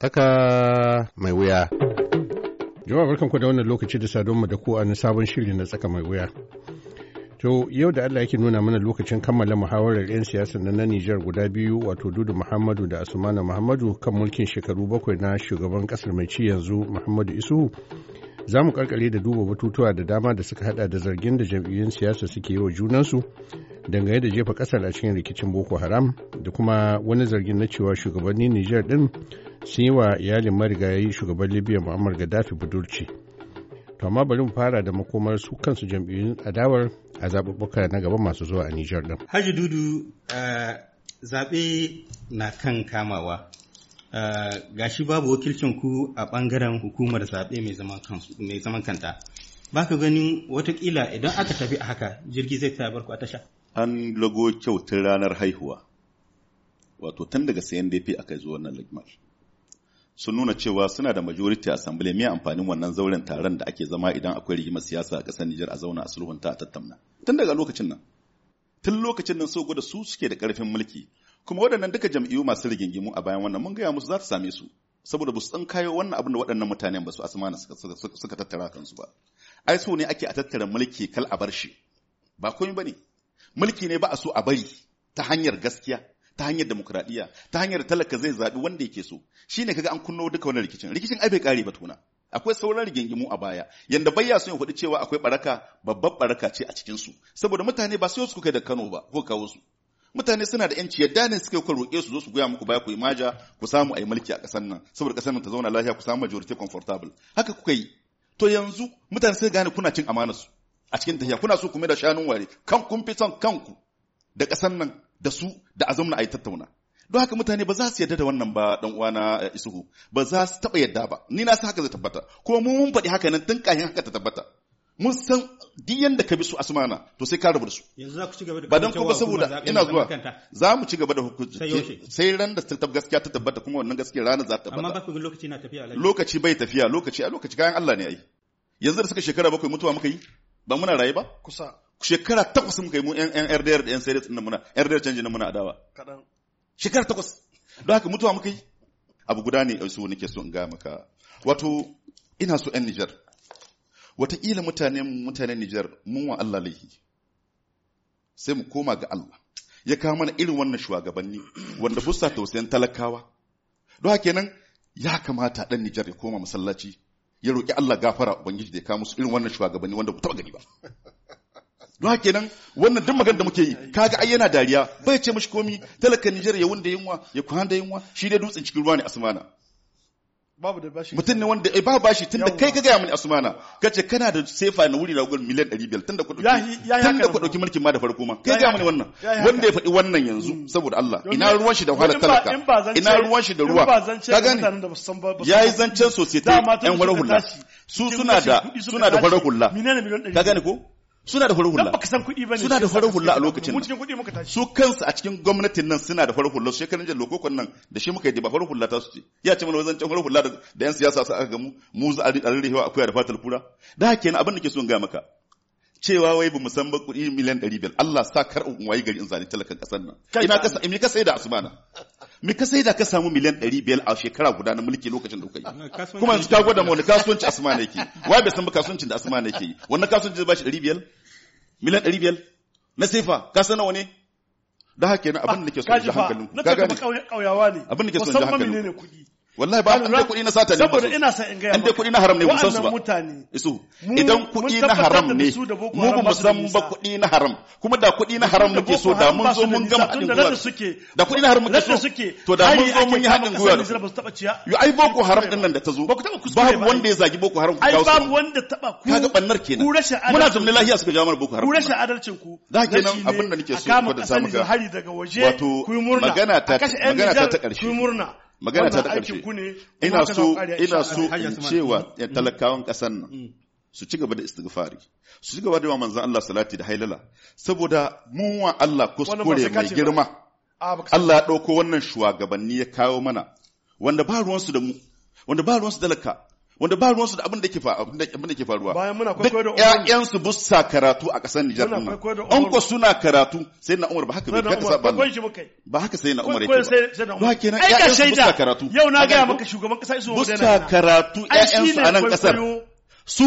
tsaka mai wuya. barkan barkanku da wannan lokaci da sadonmu da ku a sabon shiri na tsaka mai wuya. To yau da Allah yake nuna mana lokacin kammala muhawarar 'yan siyasa na na Nijar guda biyu wato Dudu Muhammadu da Asumana Muhammadu kan mulkin shekaru bakwai na shugaban kasar mai ci yanzu Muhammadu Isu za mu karkare da duba batutuwa da dama da suka hada da zargin da jam'iyyun siyasa suke yi wa junansu dangane da jefa kasar a cikin rikicin boko haram da kuma wani zargin na cewa shugabannin Nijar din sun yi wa iyalin marigayi shugaban libya muammar gaddafi budurci to amma bari mu fara da makomar su kansu jam'iyyun adawar a zaɓuɓɓuka na gaba masu zuwa a Nijar din haji dudu eh, zaɓe na kan kamawa Eh, gashi babu wakilcin ku a bangaren hukumar zaɓe mai zaman kanta. Ba ka ganin watakila idan aka tafi a haka jirgi zai ta barku a tasha? An lago kyautar ranar haihuwa. Wato tun daga sayan dafi aka zo wannan lagmar. Sun nuna cewa suna da majority assembly mai amfanin wannan zauren taron da ake zama idan akwai rigimar siyasa a ƙasar Nijar a zauna a sulhunta a tattauna. Tun daga lokacin nan. Tun lokacin nan so da su suke da ƙarfin mulki kuma waɗannan duka jam'iyyu masu rigingimu a bayan wannan mun gaya musu za ta same su saboda ba su san kayo wannan abin da waɗannan mutanen ba su asmana suka tattara kansu ba ai so ne ake a tattara mulki kal a bar shi ba komai bane mulki ne ba a so a bari ta hanyar gaskiya ta hanyar demokradiyya ta hanyar talaka zai zaɓi wanda yake so shine kaga an kunno duka wannan rikicin rikicin ai bai kare ba tuna akwai sauran rigingimu a baya yanda bayya sun faɗi cewa akwai baraka babbar baraka ce a cikin su saboda mutane ba sai su kai da Kano ba ko kawo su mutane suna da yanci yadda ne suka ku roƙe su zo su goya muku baya ku yi maja ku samu a yi mulki a ƙasar nan saboda ƙasar nan ta zauna lafiya ku samu majority comfortable haka kuka yi to yanzu mutane sai gane kuna cin amana su a cikin tafiya kuna so ku mai da shanun ware kan kun fi son kanku da ƙasar nan da su da azumna a yi tattauna don haka mutane ba za su yarda da wannan ba dan uwana eh, isuhu ba za su taba yadda ba ni na san haka zai tabbata kuma mun faɗi haka nan tun kahin haka ta tabbata mun san duk yadda ka bi su asmana to sai ka rabu da su yanzu za ku da ba dan kuma saboda ina zuwa za mu ci gaba da hukunci sai ran da ta gaskiya ta tabbata kuma wannan gaskiya ranar za ta tabbata amma ba ku lokaci na tafiya lokaci bai tafiya lokaci a lokaci kayan Allah ne ai yanzu da suka shekara bakwai mutuwa muka yi ba muna raye ba kusa shekara takwas muka yi mu yan yan RDR da yan Sadiq din muna RDR canji na muna adawa kadan shekara takwas don haka mutuwa muka yi abu guda ne eh, su nake so in ga maka wato ina so yan Niger wataƙila mutanen mutanen Nijar mun wa Allah laihi sai mu koma ga Allah ya kawo mana irin wannan shugabanni wanda busa tausayin talakawa don haka kenan ya kamata dan Nijar ya koma masallaci ya roƙi Allah gafara ubangiji da ya kawo musu irin wannan shugabanni wanda ba taɓa gani ba don haka kenan wannan duk magana da muke yi kaga ai yana dariya bai ce mishi komi talaka Nijar ya wanda yunwa ya kwanda yunwa shi dai dutsen cikin ruwa ne asmana babu da bashi mutum ne wanda eh babu bashi tunda kai ka gaya mini asmana kace kana da sefa na wuri na gurin miliyan 500 tunda ku dauki tunda ku mulkin ma da farko ma kai gaya mani wannan wanda ya faɗi wannan yanzu hmm. saboda Allah ina ruwan shi da wahalar talaka ina ruwan shi da ruwa ka gani yi zancen ta yan wara hula su suna da suna da hula ka gani ko suna da farar hula suna da farar hula a lokacin su kansu a cikin gwamnatin nan suna da farar hula shekarun jan lokokon nan da shi muka yi ba farar hula ta su ce ya ce mana wajen can farar hula da yan siyasa su aka gamu mu za a rirewa akuya da fatar kura da haka kenan abin da ke so in ga maka cewa wai bamu san ba kuɗi miliyan ɗari biyar Allah sa kar in wayi gari in zane talakan ƙasar nan ina kasa in kasa da asmana me ka sai da ka samu miliyan 500 a shekara guda na mulki lokacin da kuka kuma yanzu ka gwada mu wani kasuwanci asma ne ke wai bai san ba kasuwancin da asma ne ke yi wannan kasuwanci zai bashi 500 miliyan 500 na sefa ka sana wani da haka kenan abin da ke so da hankalin ka gane abin da ke so da hankalin wallahi ba da kuɗi na sata ne saboda ina san in ga inda kuɗi na haram ne san su ba mutane isu idan kuɗi na haram ne mu ba mu san ba kuɗi na haram kuma da kuɗi na haram muke so da mun zo mun gama haɗin gwiwa da kuɗi na haram muke so to da mun zo mun yi haɗin gwiwa yo ai boko haram din nan da ta zo babu wanda ya zagi boko haram ku kawo babu wanda taba ku kaga bannar kenan muna zumne lahiya suka jawo boko haram ku rashin adalcin ku da kenan abin da nake so ku da samu ga wato magana ta magana ta ta ƙarshe ku murna magana ta da ƙarshe ina so ina so in cewa mm. talakawan ƙasar nan mm. su ci gaba da istighfari su ci gaba da manzon Allah salati da hailala saboda mu wa Allah kuskure mai girma Allah ya dauko wannan shugabanni ya kawo mana wanda ba ruwansu da mu wanda ba ruwansu dalaka wanda ba ruwansu da abin da ke faruwa bayan muna kwaikwayo su karatu a ƙasar Nijar din an ko suna karatu sai na Umar ba haka bai kaka saban ba haka sai na Umar yake ba kenan ƴaƴan su bussa karatu yau na ga maka shugaban ƙasa karatu ƴaƴan su a nan ƙasar su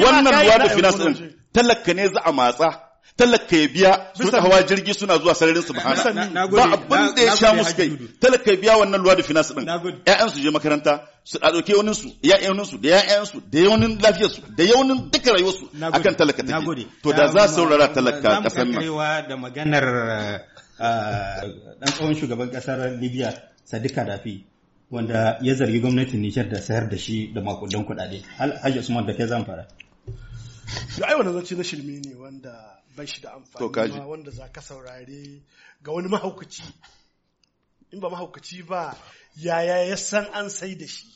wannan ruwa da finance din talaka ne za a matsa talaka ya biya su hawa jirgi suna zuwa sararin su bahana ba abin da ya sha musu kai talaka ya biya wannan luwa da finance din ƴaƴan su je makaranta su a dauke wani su ƴaƴan su da ƴaƴan su da yawnin lafiyar su da yawnin duka rayuwar su akan talaka take to da za su saurara talaka kasan nan da maganar dan ah, tsohon shugaban kasar Libya Sadiq Gaddafi wanda ya zargi gwamnatin Nijar da sayar da shi da makudan kuɗaɗe Alhaji Usman da ke zan fara ai wannan zance na shirme ne wanda bai shi da amfani ma wanda za ka saurare ga wani mahaukaci in ba mahaukaci ba yaya ya san an sai da shi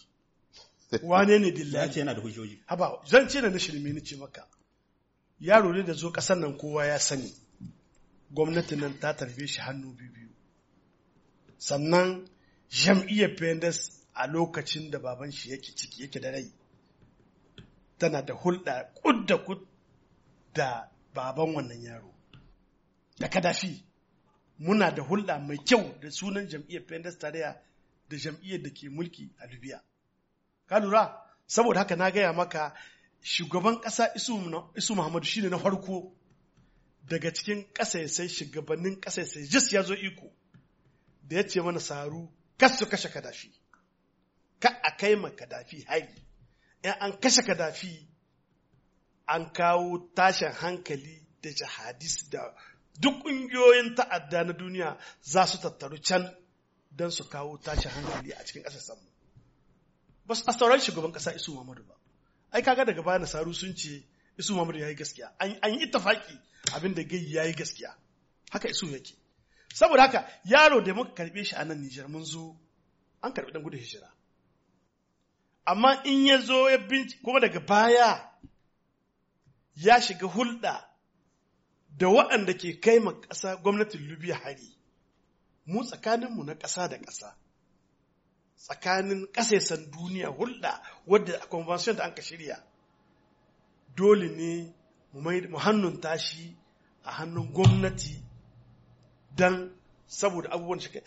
wane ne ya ce yana da hujjoji haba zan ce da na shirme ni ce maka yaro ne da zo ƙasan nan kowa ya sani gwamnati nan ta tarbe shi hannu biyu sannan jam'iyyar pendes a lokacin da baban shi yake ciki yake da rai tana da hulɗa kud da da baban wannan yaro da kadafi muna da hulɗa mai kyau da sunan jam'iyyar pendas tarayya da jam'iyyar da ke mulki a libya ka lura saboda haka na gaya maka shugaban ƙasa isu muhammadu shine na farko daga cikin ya sai shugabannin ya sai jis ya zo iko da ya ce mana saru Kasu kashe kadafi ka a kai ma kadafi hari in an kashe kadafi an kawo tashin hankali da jihadis da duk ƙungiyoyin ta'adda na duniya za su tattaru can don su kawo tashin hankali a cikin ƙasar samu ba su sauran shugaban ƙasa isu muhammadu ba ai kaga daga baya nasaru sun ce isu muhammadu ya yi gaskiya an yi tafaki abin da gai ya yi gaskiya haka isu yake saboda haka yaro da muka karɓe shi a nan nijar mun zo an karɓi ɗan gudun hijira amma in ya zo ya binci kuma daga baya ya shiga hulɗa da waɗanda ke kai ma ƙasa gwamnatin Libya hari, mu tsakaninmu na ƙasa da ƙasa, tsakanin ƙasaisan duniya hulɗa wadda a convention da an ka shirya, dole ne mu hannun tashi a hannun gwamnati don saboda abubuwan shi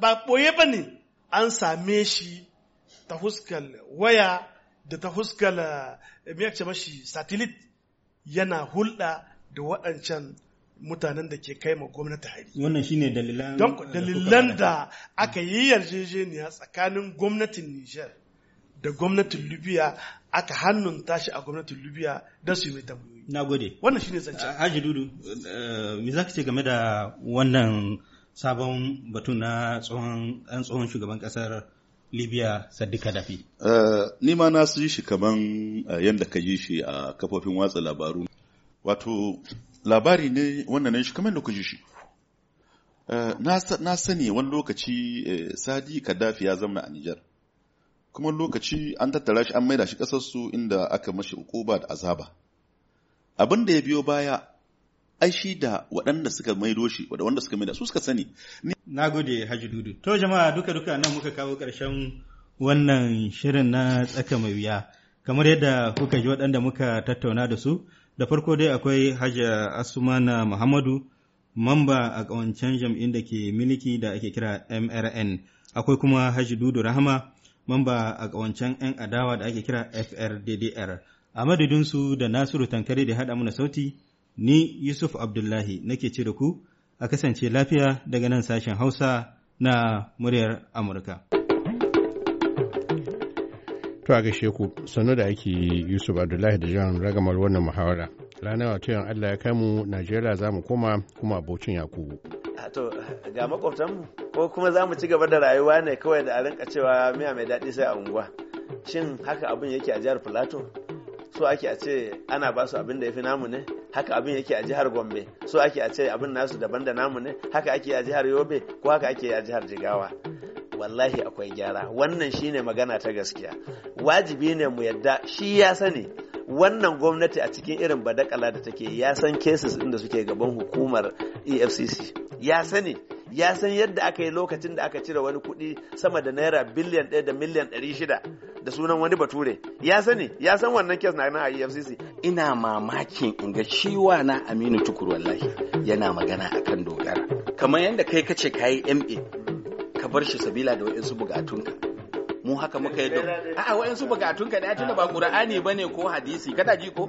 ba ɓoye ba ne an same shi ta huskar waya da ta huskar eh, me mashi satellite yana hulɗa da waɗancan mutanen da ke kai ma gwamnati hari. Wannan shine dalilan dalilan da aka yi yarjejeniya tsakanin gwamnatin Nijar da gwamnatin Libya aka hannun tashi a gwamnatin Libya don su yi mai tambayoyi. Na gode. Wannan shine zance. Ah, Haji Dudu, eh, me za ka ce game da wannan sabon batu na tsohon tsohon shugaban kasar libya sadi kadafi eh, ni ma na su yi shi kaman eh, yadda ka yi shi a kafofin watsa labaru wato labari ne wannan shi kamar da ku ji shi eh, na sani wani lokaci sadi kadafi ya zama a nijar kuma lokaci an tattara shi an maida shi ƙasarsu inda aka mashi ukuba da azaba abin da ya biyo baya ai da waɗanda suka maido shi da wanda suka maida su suka sani na gode haji dudu to jama'a duka duka nan muka kawo ƙarshen wannan shirin na tsaka mai wuya kamar yadda kuka ji waɗanda muka tattauna da su da farko dai akwai haja asumana muhammadu mamba a ƙawancen jam'in da ke miliki da ake kira mrn akwai kuma haji dudu rahama mamba a ƙawancen 'yan adawa da ake kira frddr a madadinsu da nasiru tankare da haɗa mana sauti ni Yusuf Abdullahi nake ce da ku a kasance lafiya daga nan sashen Hausa na muryar Amurka. To a gashe ku sannu da ake Yusuf Abdullahi da John ragamar wannan muhawara. Ranar wato Allah ya kai mu Najeriya za mu koma kuma abocin Yakubu. To ga makwabtanmu ko kuma za mu ci gaba da rayuwa ne kawai da a rinka cewa miya mai daɗi sai a unguwa. Shin haka abin yake a jihar Filato? So ake a ce ana ba su abin da ya fi namu ne? haka abin yake a jihar gombe so ake a ce abin nasu daban da namu ne haka ake a jihar yobe ko haka ake a jihar jigawa wallahi akwai gyara wannan shine magana ta gaskiya wajibi ne mu yadda shi ya sani wannan gwamnati a cikin irin badakala da take ya san cases inda suke gaban hukumar efcc ya sani ya san yadda aka yi lokacin da aka cire wani kuɗi sama da naira biliyan ɗaya da miliyan ɗari shida da sunan wani bature ya sani ya san wannan kes na a efcc ina mamakin in ga shi na aminu tukur wallahi yana magana akan dogara kamar yadda kai kace kayi ma ka bar shi sabila da wa'insu bukatunka mu haka muka yi don a'a wa'insu bukatunka da tunda ba qur'ani bane ko hadisi kada ji ko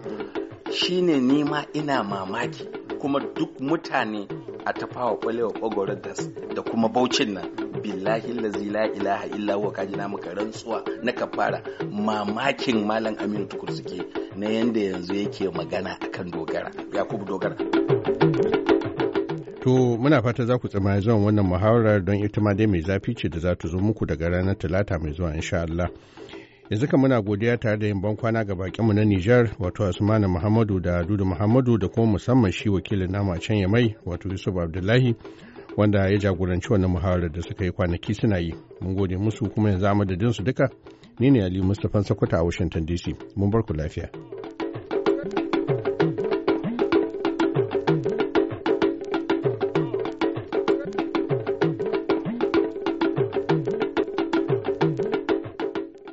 shine nima ina mamaki kuma duk mutane a tafa wa kwalewa kwagoron da kuma baucin nan billahi lazi la ilaha illa huwa kaji na maka rantsuwa na kafara mamakin malam aminu tukur suke na yanda yanzu yake magana kan dogara yakubu dogara To muna fata za ku tsamaya zuwan wannan muhawarar don ita ma dai mai zafi ce da za ta zo muku daga ranar talata mai zuwa insha Allah. yanzu kan muna godiya tare da yin bankwana ga bakinmu na Nijar wato Asmanu Muhammadu da Dudu Muhammadu da kuma musamman shi wakilin namu a can Yamai wato Yusuf Abdullahi wanda ya jagoranci wannan muhawarar da suka yi kwanaki suna yi mun gode musu kuma yanzu amadadin su duka ni ne Ali mustafa Sokoto a Washington DC mun bar ku lafiya